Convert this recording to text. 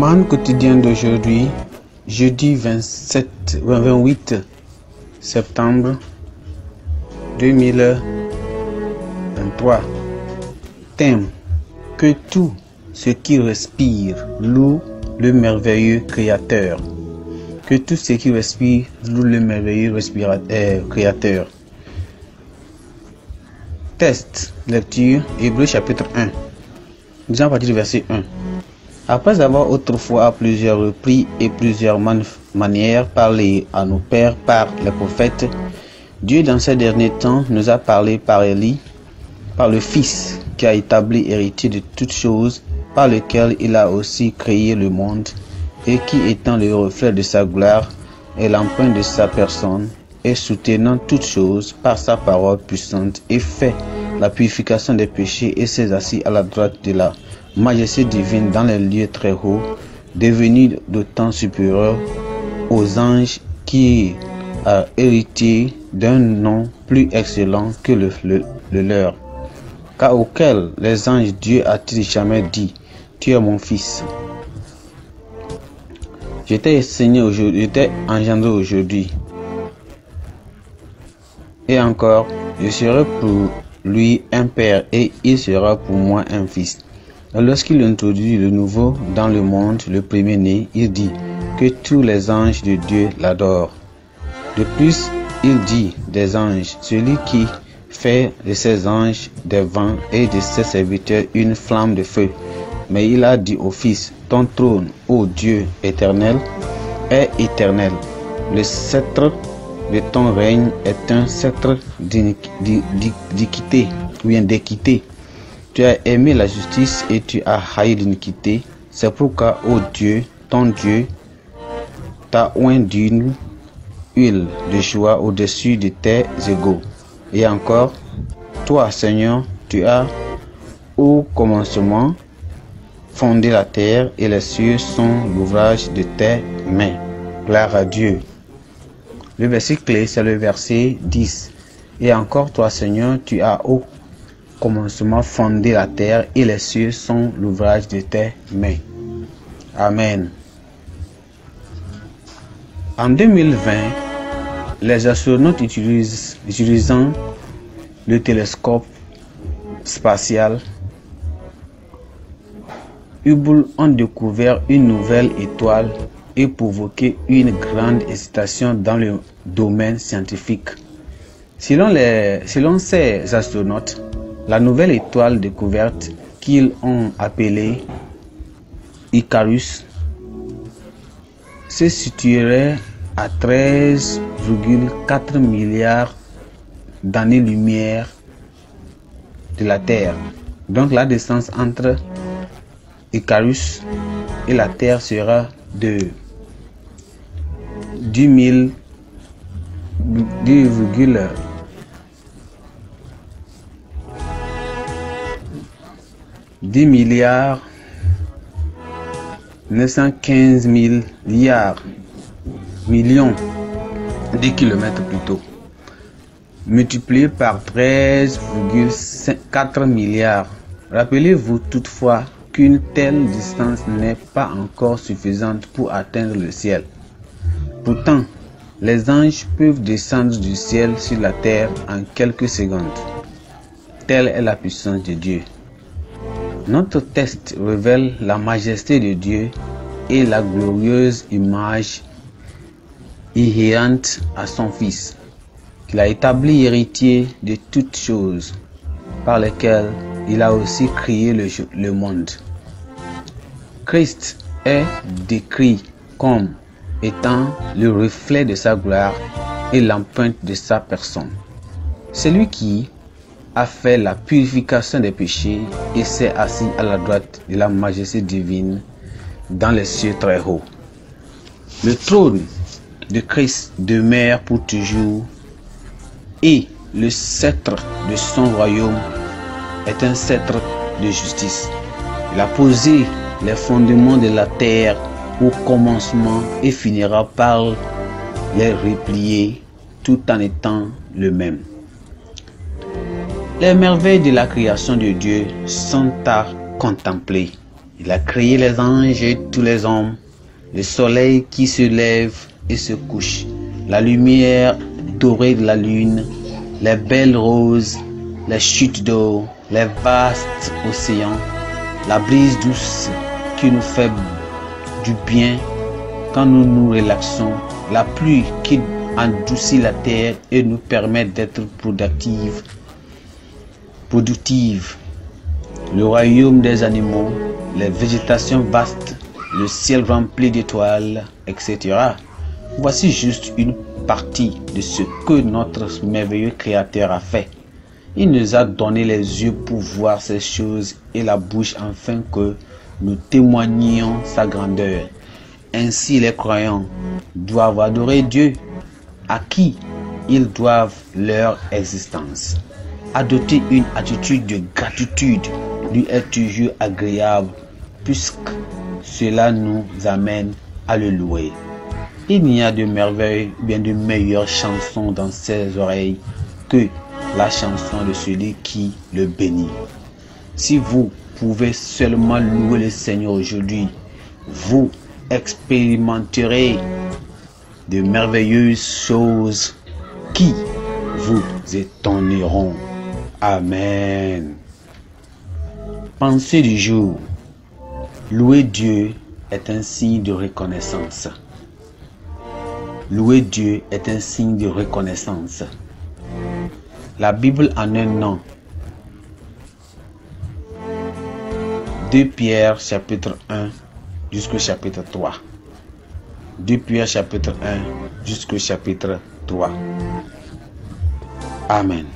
Man quotidien d'aujourd'hui, jeudi 27, 28 septembre 2023. Thème Que tout ce qui respire loue le merveilleux Créateur. Que tout ce qui respire loue le merveilleux euh, Créateur. Test, lecture, Hébreu chapitre 1. Nous allons partir du verset 1. Après avoir autrefois à plusieurs reprises et plusieurs manières parlé à nos pères par les prophètes, Dieu dans ces derniers temps nous a parlé par Élie, par le Fils qui a établi héritier de toutes choses, par lequel il a aussi créé le monde, et qui étant le reflet de sa gloire et l'empreinte de sa personne, et soutenant toutes choses par sa parole puissante, et fait la purification des péchés et s'est assis à la droite de la majesté divine dans les lieux très hauts, de d'autant supérieur aux anges qui a hérité d'un nom plus excellent que le, leur, car auquel les anges Dieu a-t-il jamais dit, tu es mon fils. J'étais enseigné aujourd'hui, j'étais engendré aujourd'hui. Et encore, je serai pour lui un père et il sera pour moi un fils. Euh, lorsqu'il introduit le nouveau dans le monde, le premier-né, il dit que tous les anges de Dieu l'adorent. De plus, il dit des anges, celui qui fait de ses anges des vents et de ses serviteurs une flamme de feu. Mais il a dit au Fils, ton trône, ô Dieu éternel, est éternel. Le sceptre de ton règne est un sceptre d'équité ou d'équité. Tu as aimé la justice et tu as haï l'iniquité. C'est pourquoi, ô oh Dieu, ton Dieu, t'as oint d'une huile de joie au-dessus de tes égaux. Et encore, toi, Seigneur, tu as, au commencement, fondé la terre et les cieux sont l'ouvrage de tes mains. Gloire à Dieu. Le verset clé, c'est le verset 10. Et encore toi, Seigneur, tu as, au commencement fondé la terre et les cieux sont l'ouvrage de tes mains. Amen. En 2020, les astronautes utilisent, utilisant le télescope spatial Hubble ont découvert une nouvelle étoile et provoqué une grande hésitation dans le domaine scientifique. Selon, les, selon ces astronautes, la nouvelle étoile découverte qu'ils ont appelée Icarus se situerait à 13,4 milliards d'années-lumière de la Terre. Donc la distance entre Icarus et la Terre sera de 10 000 10 milliards 915 milliards millions de kilomètres plutôt multiplié par 13,4 milliards. Rappelez-vous toutefois qu'une telle distance n'est pas encore suffisante pour atteindre le ciel. Pourtant, les anges peuvent descendre du ciel sur la terre en quelques secondes. Telle est la puissance de Dieu. Notre test révèle la majesté de Dieu et la glorieuse image irréante à son Fils, qu'il a établi héritier de toutes choses, par lesquelles il a aussi créé le, le monde. Christ est décrit comme étant le reflet de sa gloire et l'empreinte de sa personne. Celui qui, fait la purification des péchés et s'est assis à la droite de la majesté divine dans les cieux très hauts. Le trône de Christ demeure pour toujours et le sceptre de son royaume est un sceptre de justice. Il a posé les fondements de la terre au commencement et finira par les replier tout en étant le même. Les merveilles de la création de Dieu sont à contempler. Il a créé les anges et tous les hommes, le soleil qui se lève et se couche, la lumière dorée de la lune, les belles roses, les chutes d'eau, les vastes océans, la brise douce qui nous fait du bien quand nous nous relaxons, la pluie qui endoucit la terre et nous permet d'être productifs productive, le royaume des animaux, les végétations vastes, le ciel rempli d'étoiles, etc. Voici juste une partie de ce que notre merveilleux Créateur a fait. Il nous a donné les yeux pour voir ces choses et la bouche afin que nous témoignions sa grandeur. Ainsi les croyants doivent adorer Dieu, à qui ils doivent leur existence. Adopter une attitude de gratitude lui est toujours agréable puisque cela nous amène à le louer. Il n'y a de merveille, bien de meilleure chanson dans ses oreilles que la chanson de celui qui le bénit. Si vous pouvez seulement louer le Seigneur aujourd'hui, vous expérimenterez de merveilleuses choses qui vous étonneront. Amen. Pensez du jour. Louer Dieu est un signe de reconnaissance. Louer Dieu est un signe de reconnaissance. La Bible en un nom. 2 Pierre chapitre 1 jusqu'au chapitre 3. 2 Pierre chapitre 1 jusqu'au chapitre 3. Amen.